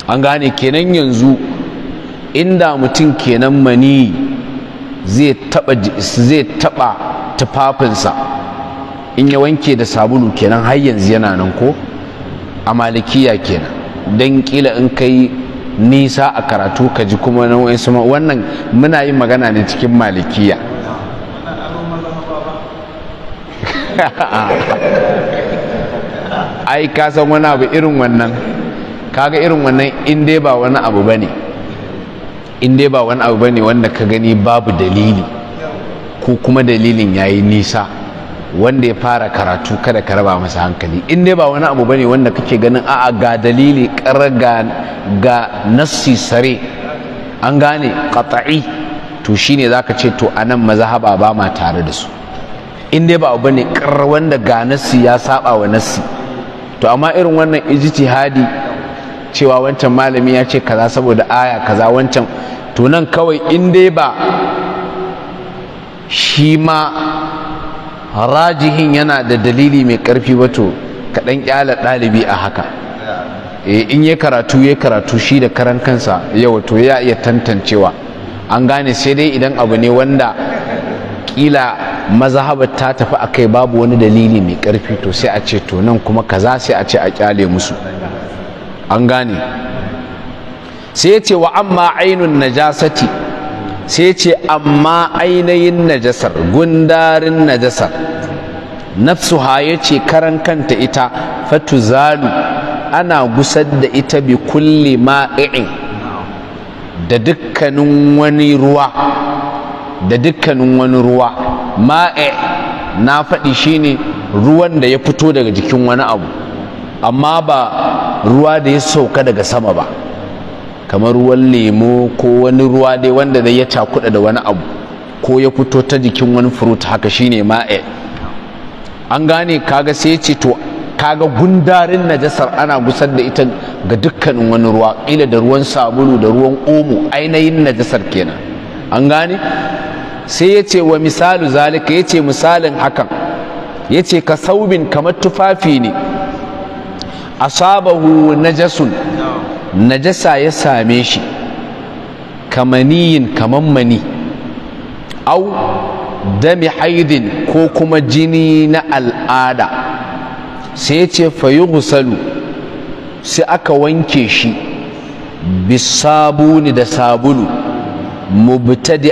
an gane kenan yanzu inda mutum kenan mani zai taba zai taba tufafinsa in ya wanke da sabulu kenan har yanzu yana nan ko a malikiya kenan dan kila in kai nisa a karatu ka ji kuma na suma wannan muna yin magana ne cikin malikiya ai ka san wani abu irin wannan kaga irin wannan in dai ba wani abu bane in dai ba wani abu bane wanda ka gani babu dalili ko kuma dalilin yayi nisa wanda ya fara karatu kada ka raba masa hankali in dai ba wani abu bane wanda kake ganin a'a ga dalili karga ga nassi sare an gane qat'i to shine zaka ce to anan mazhaba ba ma tare da su in dai ba abu bane kar wanda ga nassi ya saba wa nassi to amma irin wannan ijtihadi cewa wancan malami ya ce kaza saboda aya kaza wancan to nan kawai in dai ba shi ma rajihin yana da dalili mai karfi wato kaɗan ƙyala ɗalibi a haka eh, in ya karatu ya karatu shi da karan kansa ya wato ya iya tantancewa an gane sai dai idan abu ne wanda kila mazahabar ta tafi a kai babu wani dalili mai karfi to sai a ce to nan kuma kaza sai a ce a kyale musu an gane sai ya ce wa amma ainun najasati sai ce amma ainihin najasar gundarin najasar nafsuha ya ce karan kanta ita fatu, fatuzalu ana gusar da ita bi kulli ma'i'in da dukkanin wani ruwa da dukkanin wani ruwa ma'i na faɗi shine ruwan da ya fito daga jikin wani abu amma ba ruwa da ya sauka daga sama ba kamar ruwan lemo ko wani ruwa dai wanda dai ya cakuɗa da wani abu ko ya fito ta jikin wani furut haka shine e an gane kaga sai ce to kaga gundarin najasar ana gusar da ita ga dukkanin wani ruwa kila da ruwan sabulu da ruwan omo ainihin najasar kenan an gane sai ya ce wa misalu zalika ya ce misalin hakan ya ce ka saubin kamar tufafi ne asabahu najasun najasa ya same shi kamaniyin kaman mani au dami haidin ko kuma jini na al'ada sai ce fayi gusalu sai aka wanke shi bisabuni da sabulu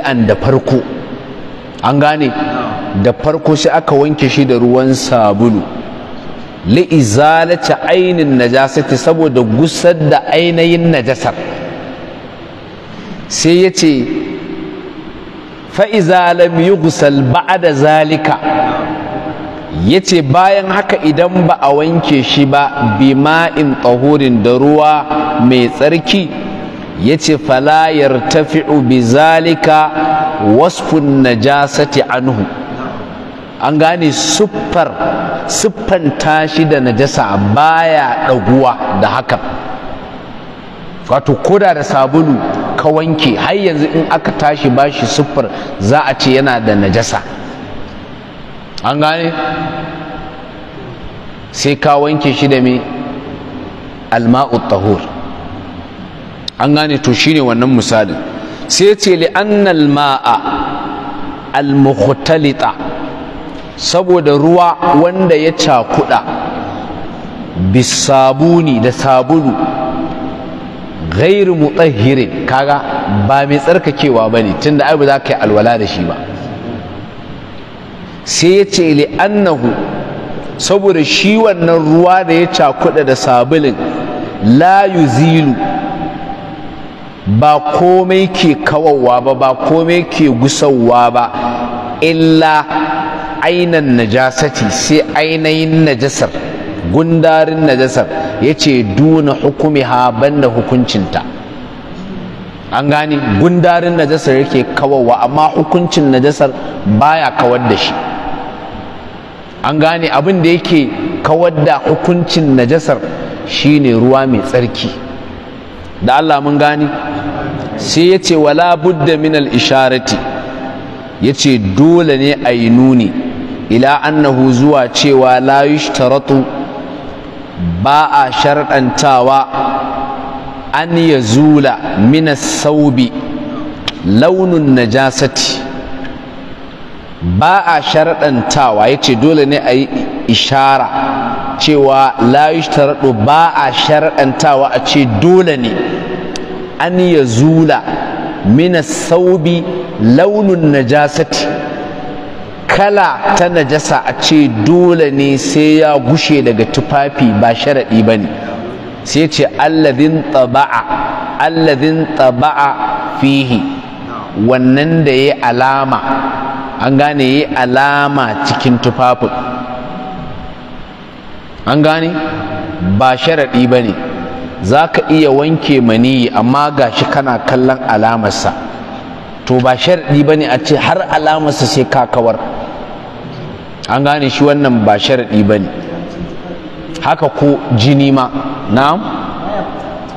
an da farko an gane da farko sai aka wanke shi da ruwan sabulu li'izalata ainin najasati saboda gusar da ainihin najasar sai ya ce fa'iza lam yughsal da zalika yace bayan haka idan ba a wanke shi ba bima'in tahurin da ruwa mai tsarki yace fala bi zalika wasfun najasati anhu an gane siffar siffanta shi da najasa baya ɗaguwa da hakan wato koda da sabulu ka wanke har yanzu in aka tashi bashi siffar za a ce yana da najasa an gane sai ka wanke shi da me alma'u tahur an gane to shine wannan misalin sai ce li annal ma'a al-mukhtalita saboda ruwa wanda ya cakuɗa bisabuni da sabulu gairu mutahhirin kaga ba mai tsarkakewa bane tunda ai ba za ka yi alwala da shi ba sai ya ce li annahu saboda shi wannan ruwa da ya cakuɗa da sabulin layu yuzilu ba komai ke kawawa ba ba komai ke gusawa ba illa ainan najasati sai ainihin najasar gundarin najasar ya ce duna hukumi ha banda hukuncinta an gane gundarin najasar yake kawowa, amma hukuncin najasar baya kawar da shi an gane abin da yake kawar da hukuncin najasar shine ruwa mai tsarki da Allah mun gane sai ya ce wala budda min isharati ya ce dole ne a yi nuni ila annahu zuwa cewa la yushtaratu ba a sharɗantawa an ya zula mina launin najasati ba a sharɗantawa ya ce dole ne a yi ishara cewa la yushtaratu ba a sharɗantawa a ce dole ne an ya zula mina saubi launin najasati kala ta najasa a ce dole ne sai ya gushe daga tufafi ba sharaɗi ba ne sai ce alladin taba'a alladin taba'a fihi wannan da ya alama an gane ya alama cikin tufafin an gane ba sharaɗi ba ne za ka iya wanke maniyi amma gashi kana kallon alamarsa to ba sharaɗi ba ne a ce har alamarsa sai kakawar kawar an gane shi wannan ba sharaɗi ba ne haka ko jini ma na'am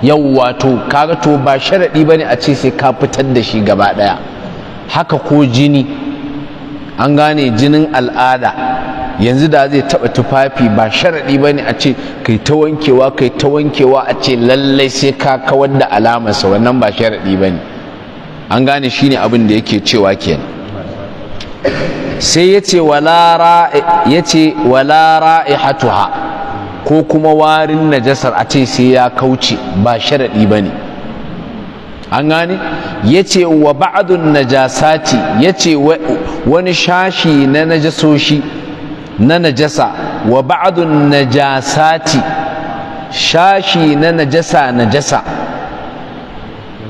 yawwa to kaga to ba sharaɗi ba ne a ce sai ka fitar da shi gaba ɗaya haka ko jini an gane jinin al'ada yanzu da zai taɓa tufafi ba sharaɗi ba ne a ce kai ta wankewa kai ta wankewa a ce lallai sai ka kawar da alamarsa wannan ba sharaɗi ba ne an gane shi ne abin da yake cewa kenan sai ya ce wala ra'ihatuha ko kuma warin najasar a ce sai ya kauce ba sharaɗi ba ne an gani? ya ce wa ba'adun najasati ya ce wani shashi na najasoshi na najasa wa ba'adun najasati shashi na najasa najasa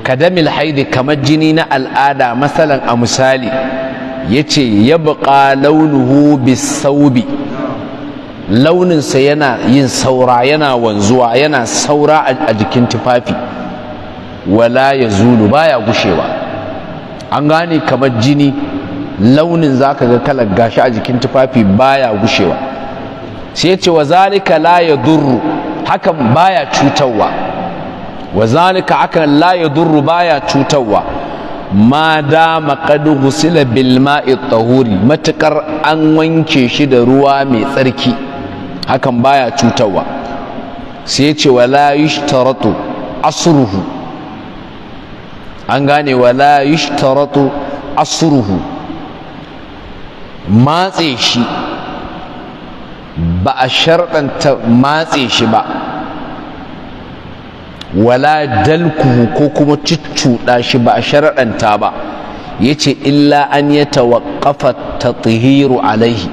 kadamil haidi kamar jini na al'ada masalan a misali Ya ce yace yabqa launuhu bisaubi launinsa yana yin saura yana wanzuwa yana saura a jikin tufafi wala ya zulu baya gushewa an gane kamar jini launin zaka ga kalar gashi a jikin tufafi baya gushewa sai ce wa zalika la durru hakan baya cutarwa wa zalika akan la baya cutarwa ma dama qad bilma bil matakar an wanke shi da ruwa mai tsarki hakan baya cutarwa sai ya ce wala yushtaratu asruhu an gane wala yushtaratu asruhu matse shi ba a sharɗanta matse shi ba wala dalku ko kuma cuccuɗa shi ba a sharaɗanta ba ya ce illa an ya tawaƙafa ta alaihi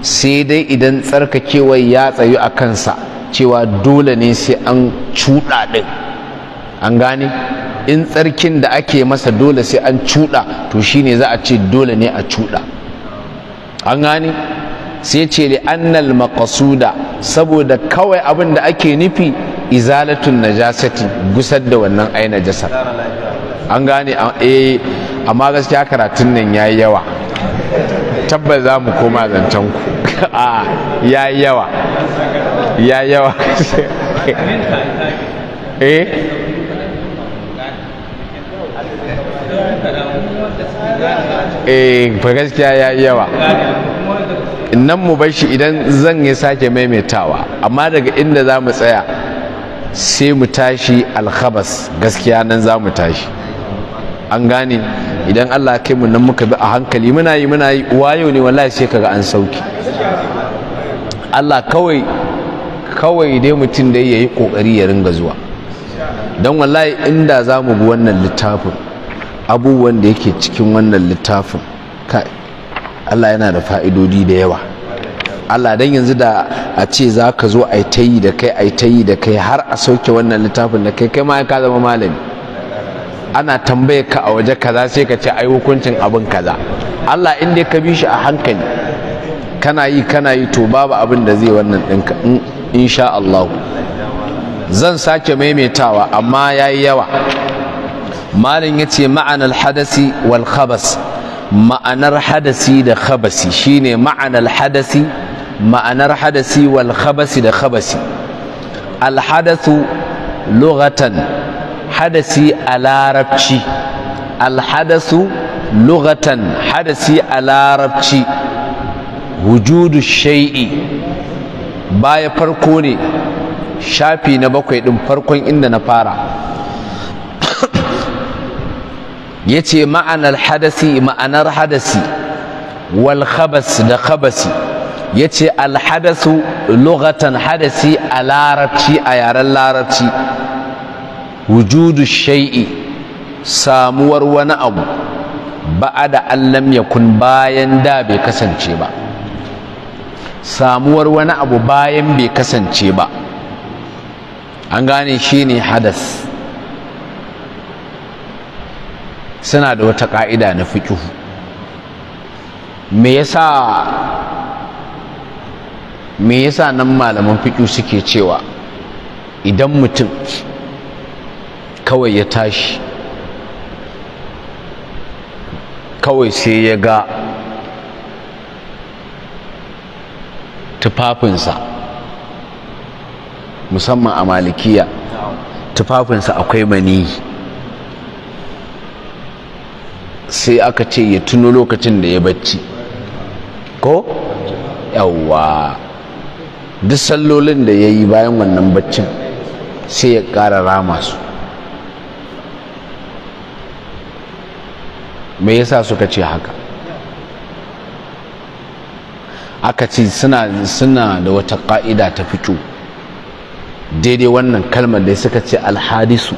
sai dai idan tsarkakewar ya tsayu a kansa cewa dole ne sai an cuɗa ɗin an gane in tsarkin da ake masa dole sai an cuɗa to shine za a ce dole ne a cuɗa an gane sai ce li annal maqasuda saboda kawai abin da ake nufi izalatun najasati gusar da wannan ai najasa an gane eh amma gaskiya karatun nan yayi yawa tabbas za mu koma zancen ku a yayi yawa yayi yawa eh eh fa gaskiya yi yawa nan mu bai shi idan zan yi sake maimaitawa amma daga inda za mu tsaya sai mu tashi alkhabas gaskiya nan za mu tashi an gane idan Allah kai mu nan muka bi a hankali muna yi muna yi wayo ne wallahi sai kaga an sauki Allah kawai kawai dai mutum da yi kokari ya ringa zuwa don wallahi inda za mu bi wannan littafin abubuwan da yake cikin wannan littafin Allah yana da fa'idodi da yawa Allah dan yanzu da a ce za ka zo a ta yi da kai a ta yi da kai har a sauke wannan littafin da kai kai ma ka zama malami ana tambaye ka a waje kaza sai ka ce ai hukuncin abin kaza Allah in dai ka bi shi a hankali kana yi kana yi to babu abin da zai wannan ɗinka insha Allah zan sake maimaitawa amma yayi yawa malin yace ma'anar hadasi wal khabas ma'anar hadasi da khabasi shine ma'anar hadasi ma'anar hadasi wal khabasi da khabasi al hadathu lughatan hadasi a larabci al hadasu lughatan hadasi a larabci wujudu shay'i baya farko ne shafi na bakwai din farkon inda na fara yace ma'anar hadasi ma'anar hadasi wal khabas da khabasi ya ce alhadasu lugatan hadasi a larabci a yaren larabci wujudu shai'i samuwar wani abu ba'a da allam ya kun bayan da bai kasance ba samuwar wani abu bayan bai kasance ba an gane shi ne hadas suna da wata ƙa'ida na fikihu me yasa me yasa nan malaman fiƙi suke cewa idan mutum kawai ya tashi kawai sai ya ga tufafinsa musamman a malikiya tufafinsa akwai mani sai aka ce ya tuno lokacin da ya bacci ko yawwa duk sallolin da ya yi bayan wannan baccin sai ya ƙara rama su me yasa suka ce haka aka ce suna da wata ƙa'ida ta fito daidai wannan kalmar da suka ce alhadisu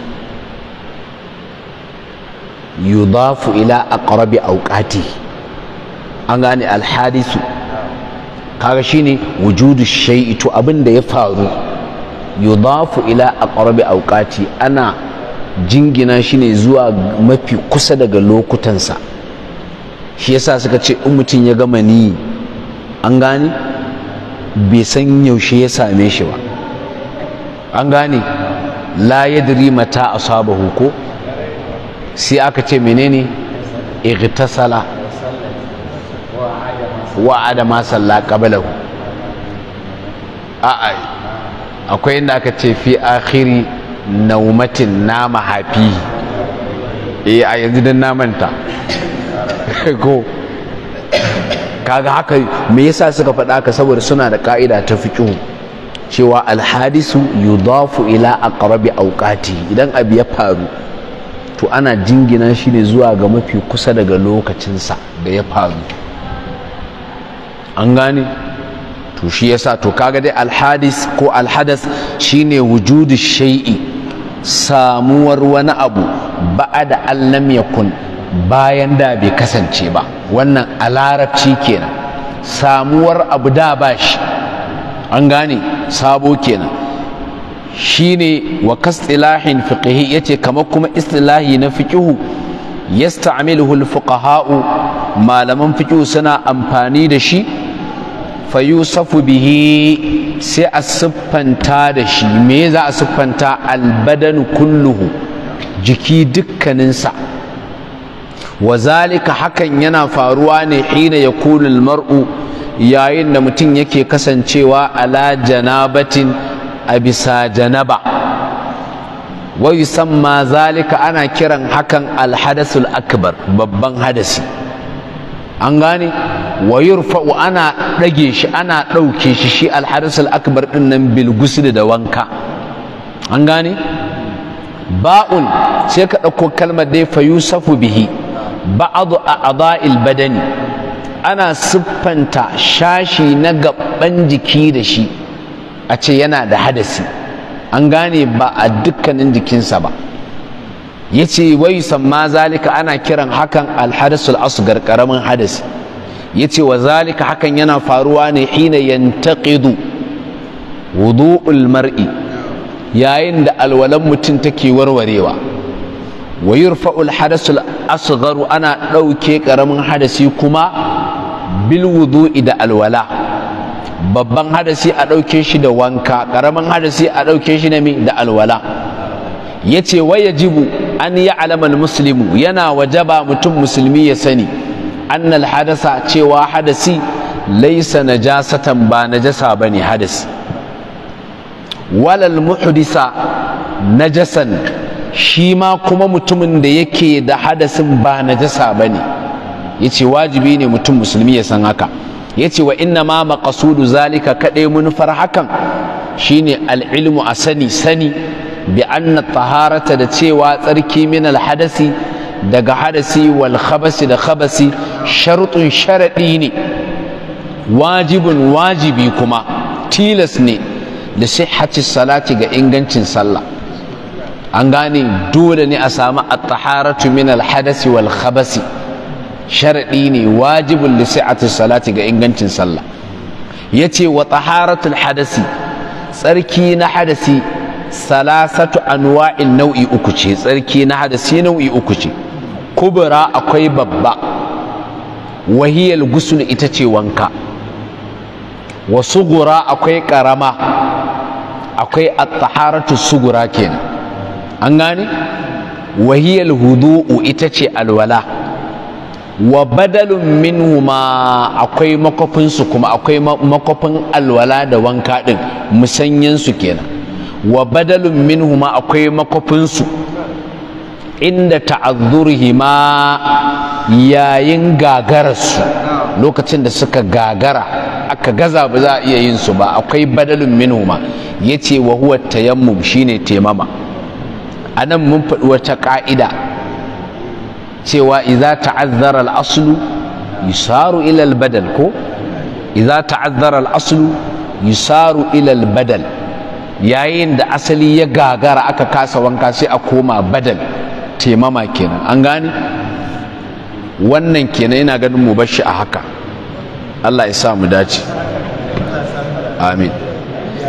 yudafu ila aqrabi auqati an gane alhadisu kaga shine wujudu shay'i to abin da ya faru yudafu ila aqrabi awqati ana jingina shine zuwa mafi kusa daga lokutansa shi yasa suka ce in mutum ya gama ni an gane bai san yaushe ya same shi ba an gane la yadri mata asabahu ko sai aka ce menene igtasala wa adama salla qablahu a'a akwai inda aka ce fi akhiri naumatin nama hafi eh a yanzu dan namanta ko kaga haka me yasa suka faɗa ka saboda suna da ƙa'ida ta fiqhu cewa alhadisu yudafu ila aqrabi awqati idan abu ya faru to ana jingina shi ne zuwa ga mafi kusa daga lokacinsa da ya faru an gane to shi yasa to kaga dai alhadis ko alhadas shine wujudu shay'i samuwar wani abu ba'ada an ya yakun bayan da bai kasance ba wannan a larabci kenan samuwar abu da ba shi an gane sabo kenan shine wa kastilahin fiqhi yace kamar kuma istilahi na ya yasta'miluhu al ha'u malaman fikihu suna amfani da shi fayusafu bihi sai a siffanta da shi me za a siffanta albadan kulluhu jiki dukkaninsa wa zalika hakan yana faruwa ne hina ya kunul mar'u yayin da mutum yake kasancewa ala janabatin a bisa janaba wa zalika ana kiran hakan alhadasul akbar babban hadasi an gane wa yurfa'u ana ɗage shi ana ɗauke shi shi alharis akbar ɗin nan bil da wanka an gane ba'un sai ka ɗauko kalmar dai fa yusafu bihi ba'adu a ada'il badani ana siffanta shashi na gaɓan jiki da shi a ce yana da hadasi an gane ba a dukkanin jikinsa ba yace wai samma zalika ana kiran hakan alharisul asgar karamin hadasi ya ce wa zalika hakan yana faruwa ne hina yantaqidu wudu'ul mar'i yayin da alwalan mutum take warwarewa wa yurfa'ul hadasul asgharu ana ɗauke ƙaramin hadasi kuma bil wudu'i da alwala babban hadasi a ɗauke shi da wanka ƙaramin hadasi a ɗauke shi da alwala yace wa yajibu an ya'lamal muslimu yana wajaba mutum musulmi ya sani annal hadasa cewa hadasi laisa najasatan ba najasa bane hadasi walal muhdisa najasan shi ma kuma mutumin da yake da hadasin ba najasa bane yace wajibi ne mutum musulmi ya san haka yace wa inna ma maqsudu zalika kadai munfar hakan shine al-ilmu a sani bi anna taharata da cewa tsarki min al-hadasi daga hadasi wal khabasi da khabasi sharutun sharaɗi ne wajibin wajibi kuma tilas ne da hacci salati ga ingancin sallah an gane dole ne a samu at-taharatu min al-hadasi wal khabasi sharadi ne wajibin li sihhati salati ga ingancin sallah yace wa al hadasi tsarki na hadasi salasatu anwa'in nau'i uku ce tsarki na hadasi nau'i uku ce kubura akwai babba wahiyar gusul ita ce wanka wa sugura akwai karama akwai a taharatu sugura kenan an gane wahiyar hudu'u ita ce alwala wa badalun ma akwai makwafinsu, kuma akwai makofin alwala da wanka din musanyansu kenan wa badalun minhuma akwai makwafinsu inda ma yayin gagararsu lokacin da suka gagara aka gaza ba za a iya yin su ba akwai badalin minhuma yace wa huwa tayammum shine taimama anan mun faɗi wata ƙa'ida cewa idza ta'azzara al-aslu yusaru ila al-badal ko idza ta'azzara al-aslu yusaru ila al-badal yayin da asali ya gagara aka kasa wanka sai a koma badal taimama kenan an gane wannan kenan yana ganin mu bashi a haka Allah ya sa mu dace amin